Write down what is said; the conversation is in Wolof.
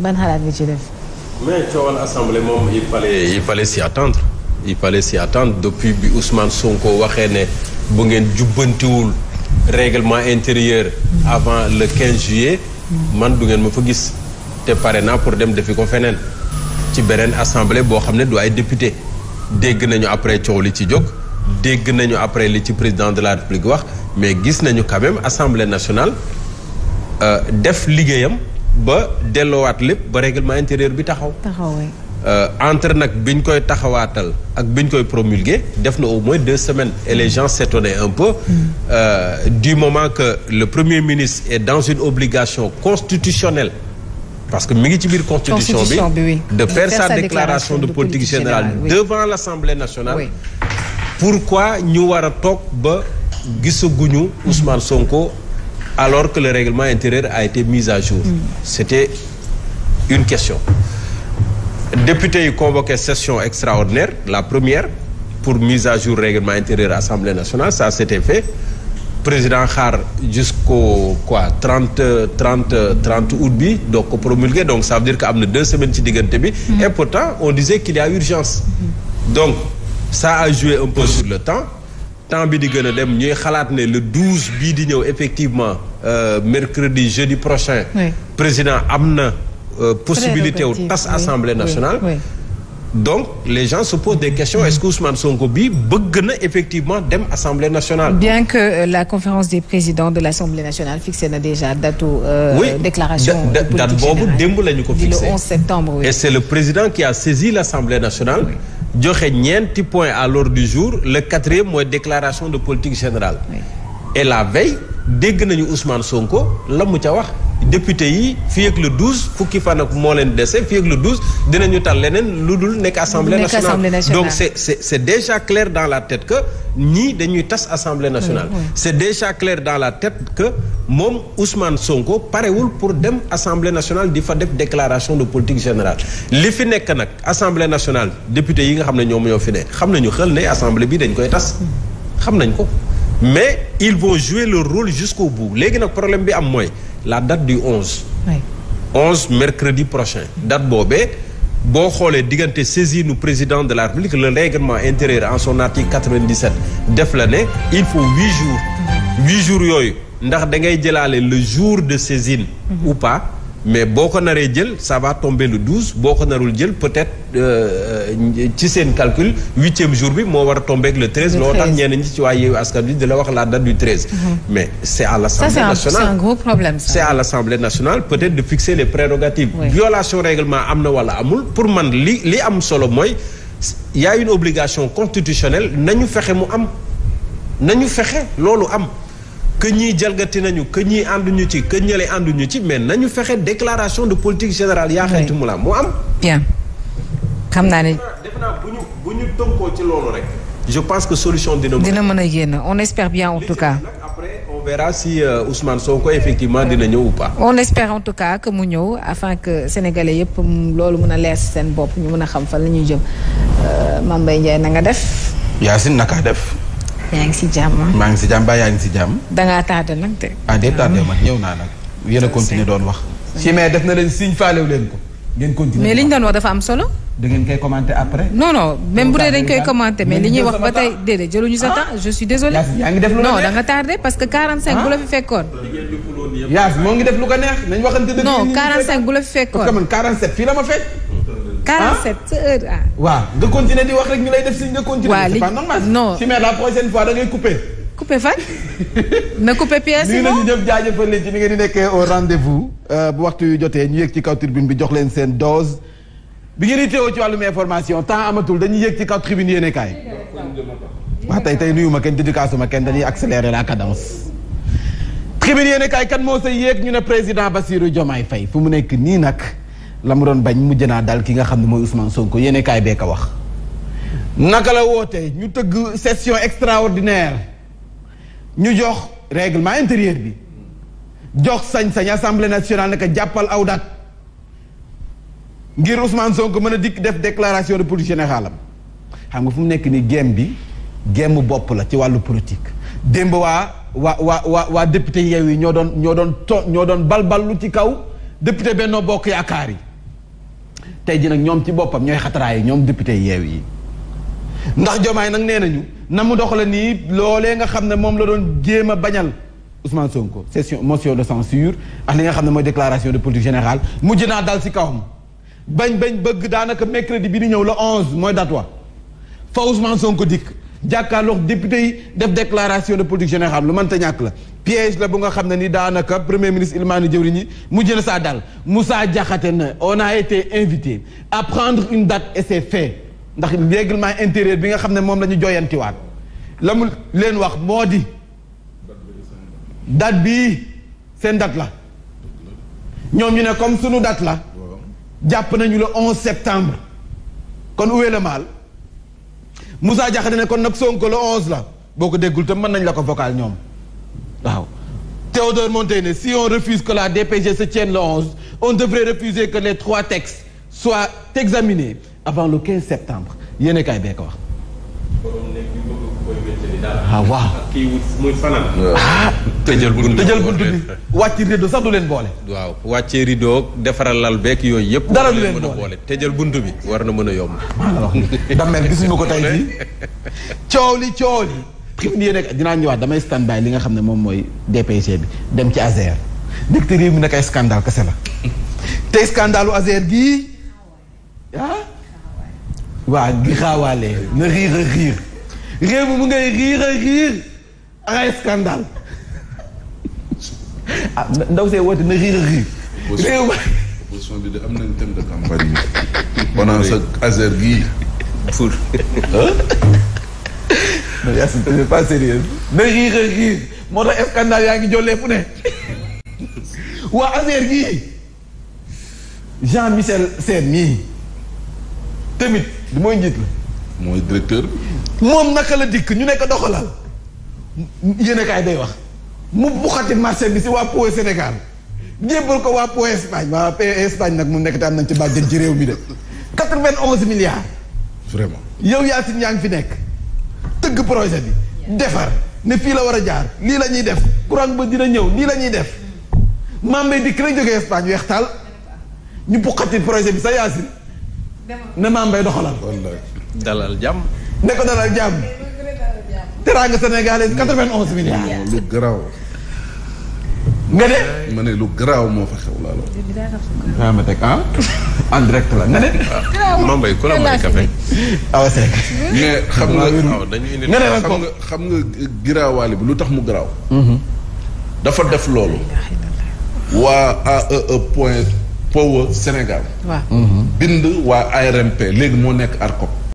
ban xalaat nga ci def. mais coowal assemblée moom il fallait il fallait s'y attendre il fallait s'y attendre depuis bi Ousmane Sonko waxee ne bu ngeen jubbantiwul réglement intérieur avant le 15 juillet. man du ngeen ma fa gis te pare naa pour dem defi ko feneen ci beneen assemblée boo xam ne du ay député dégg nañu après coow li ci jóg dégg nañu après li ci président de la république wax mais gis nañu quand même assemblée nationale euh, def liggéeyam. ba dellowaat lépp ba réglement intérieur bi taxaw. taxaw euh, entre nag bi ñu koy taxawaatal ak bi ñu koy promulguer def na au moins deux semaines et les gens s'étonnaient un peu. Mm. Euh, du moment que le premier ministre et dans une obligation constitutionnelle. parce que mi ngi ci biir constitution bi oui. de faire sa déclaration, déclaration de politique générale, devant l'Assemblée nationale pourquoi ñu war a toog ba gisaguñu Ousmane Sonko alors que le règlement intérieur a été mis à jour. Mm. c'était une question. député yi convoqué session extraordinaire la première pour mise à jour règlement intérieur assemblée nationale ça s'était fait président xaar jusqu'au quoi trente 30 30 août bi donc ko promulgué donc ça veut dire que am na deux semaines ci diggante bi. Mm. et pourtant on disait qu'il y a urgence. Mm. donc ça a joué un peu sur le temps. temps bi di gën a dem ñuy xalaat ne le 12 bii di ñëw effectivement euh, mercredi jeudi prochain oui. président am na euh, possibilité wu tas assemblée nationale oui. donc les gens se posent des questions est-ce que Ousmane Sonko bi bëgg na effectivement dem assemblée nationale. bien que euh, la conférence des présidents de l'assemblée nationale fixé na déjà date euh, oui, déclaration boobu démb la ko fixé. le 11 et c'est le président qui a saisi l'assemblée nationale. joxe ñeenti point à l'ordre du jour le quatrième mooy déclaration de politique générale. et la veille dégg nañu Ousmane Sonko la mu ca wax. député yi fii ak le fukki fan ak moo leen dese fii ak le dinañu tal leneen lu dul nekk assemblée nationale donc c'est c'est c'est déjà clair dans la tête que ñii dañuy tas assemblée nationale c'est déjà clair dans la tête que moom Ousmane Sonko parewul pour dem assemblée nationale di fa def déclaration de politique générale li fi nekk nag assemblée nationale député yi nga xam ne ñoom ñoo fi ne xam nañu xel ne assemblée bi dañ koy tas xam nañ ko mais ils vont jouer leur rôle jusqu'au bout léegi nag problème bi am mooy la date du 11. oui 11 mercredi prochain. date boobee boo xoolee diggante saisinu président de la République le règlement intérieur en son article 97 def la ne il faut huit jours. Mm-hmm. huit jours yooyu ndax da ngay jëlaale le jour de saisine. Mm-hmm. ou pas. mais boo ko naree jël ça va tomber le douze boo ko narul jël peut-être euh, ci seen calcul huitième jour bi moo war a tomber ak le treize loolu tax ñeneen ñi ci waa Yewwi Askan Wi di la wax la date du treize mhm. mais c'est à l'Assemblée nationale à l'Assemblée nationale peut-être de fixer les prérogatives violation règlement am na wala amul pour man li li am solo mooy y a une obligation constitutionnelle nañu fexe mu am ñu fexe loolu am que ñii jalgati nañu que ñii ànduñu ci que ñële ànduñu ci mais nañu fexe déclaration de politique générale yaa xeetu mu la mu am bien xam naa ne bu ñu bu tënkoo ci loolu rek pense que solution dina dina mën a génn on espère bien en tout cas après on verra si euh, Ousmane Sonko effectivement dina ñëw ou on espère en tout cas que mu ñëw afin que sénégalais yëpp mm, loolu mën a leer seen bopp ñu mën a xam fan la ñuy jëm euh, Mame Mbaye Ndiaye na nga def Yacine naka def yaa ngi si jàmm. maa ngi si jàmm ba yaa ngi si jàmm. da ngaa nag de. ah de tardé man ñëw naa nag. yéen a continuer doon wax. ci mais def na leen signe faalew leen ko. ngeen li ñu doon wax dafa am solo. da ngeen bu dee dañ koy commenter mais li ñuy wax ba tey déedéet jëluñu sa temps ah. je désolé. yaa ngi def parce que ah. bu la fi fekkoon. yaas moo bu la fi fekkoon parce fii la ma fekk. 47 ah. waaw nga continuer ni wax rek ñu lay def siñ nga continuer. waaw li c'est pas normal non. si mais la prochaine fois da ngay couper. couper na couper pièce yi moom ñu ñëpp jaajëfal ni ngeen di nekkee au rendez-vous. Euh, bu waxtu yu jotee ñu yëg ci kaw tribune bi jox leen seen dose. bi ngeen di teewoo ci wàllum information temps amatul dañuy yëg ci kaw tribune yéene kaay. waaw tey tey nuyu ma kenn dédicace ma kenn dañuy accélérer la cadence. tribune yéene kaay kan moo sa yéeg ñu ne président Bassirou Diomaye Faye fu mu nekk nii nag. la mu doon bañ mujj naa daal ki nga xam ne mooy Ousmane Sonko yéene kaay bee ka wax. naka la woote ñu tëgg session extraordinaire ñu jox règlement intérieur bi jox sañ-sañ assemblée nationale naka jàppal aw dat ngir Ousmane Sonko mën a dikk def déclaration de politique générale am xam nga fu mu nekk nii gem bi gem bopp la ci wàllu politique démb waa waa waa waa waa député yeew yi ñoo doon ñoo doon to ñoo doon balballu ci kaw député Benno Bokk Yaakaar yi. tey ji nag ñoom ci boppam ñooy xataraayu ñoom député yeew yi ndax jomaay nag nee nañu na mu la nii loolee nga xam ne moom la doon jéem a bañal Ousmane Sonko session motion de censure ak li nga xam ne mooy déclaration de politique générale mujj naa dal si kawam bañ bañ bëgg daanaka crédit bi di ñëw la 11 mooy date wa fa Ousmane Sonko dikk jàkkaarloog député yi def déclaration de politique générale lu mënta ñàkk la piège la bu nga xam ne ni daanaka premier ministre Ilmaani jëwriñ yi mu jël saa dal Moussa Diakhaté na on a été invité à prendre une date et c'est fait ndax règlement intérieur bi nga xam ne moom la ñu joyantiwaat la mu leen wax moo di date bii seen date la ñoom ñu ne comme sunu date la jàpp nañu le 11 septembre kon où est le Moussa Diakhaté ne kon nag Sonko le 11 la boo ko déggul tam mën nañ la ko vocal ñoom waaw Théodore Montaigne si on refuse que la DPG se tienne le 11 on devrait refuser que les trois textes soient examinés avant le 15 septembre yéen a bee ko wax. ah waaw. kii muy fanaan. ah tëjal buntu bi tëjal buntu bi wàcc sax du leen boole. waaw wàccee rideau defaral lal beek yooyu yëpp. dara du leen boole tëjal bunt bi war na mën a yomb. alors damel gisuñu ko tey jii coow li coow li. dinaa ñëwaat damay stand by li nga xam ne moom mooy DPG bi dem ci ASER. dégg te réew mi nag ay scandale kese la. tey scandalu ASER gii ah? waa gi xaawaale na riir a riir. réew m m ngay riir a riir ah, na riir a riir. réew ma opposition bi de am nañ thème de campagne bi. on a sa azer gii. pour. non yaa c'est pas sérieux. na riir a riir moo tax scandale yaa ngi jollee fu ne. waa azer gii. Jean Michel Sène mii. tamit mooy njiit la. moom naka la dikk ñu nekk doxalal yéen kaay day wax mu buxati marché bi si waa Poe Sénégal jébbal ko waa Poe Espagne waa Poe Espagne nag mu nekk te am nañ ci bàjjen ci réew mi de quatre-vingt-onze milliards. vraiment yow Yacine yaa ngi fi nekk tëgg projet bi defar ne fii la war a jaar lii la ñuy def courant ba dina ñëw lii la ñuy def mambay dikk la jógee Espagne weextaal ñu buxati projet bi sa Yacine ne mambay doxalal. dalal jàmm. ne ko dalal jàmm. teraanga sénégalais 91 hmm. milliards. Hmm. lu garaaw. nga ne. ma ne lu garaaw moo fa xew laa ah? la. ma ah, xam nga dañuy xam nga giraawaale bi lu tax mu garaaw. Mm-hmm. dafa def loolu. waa AEE e point power Sénégal. waaw. Mm-hmm. waa ARMP léegi moo nekk ARCOP.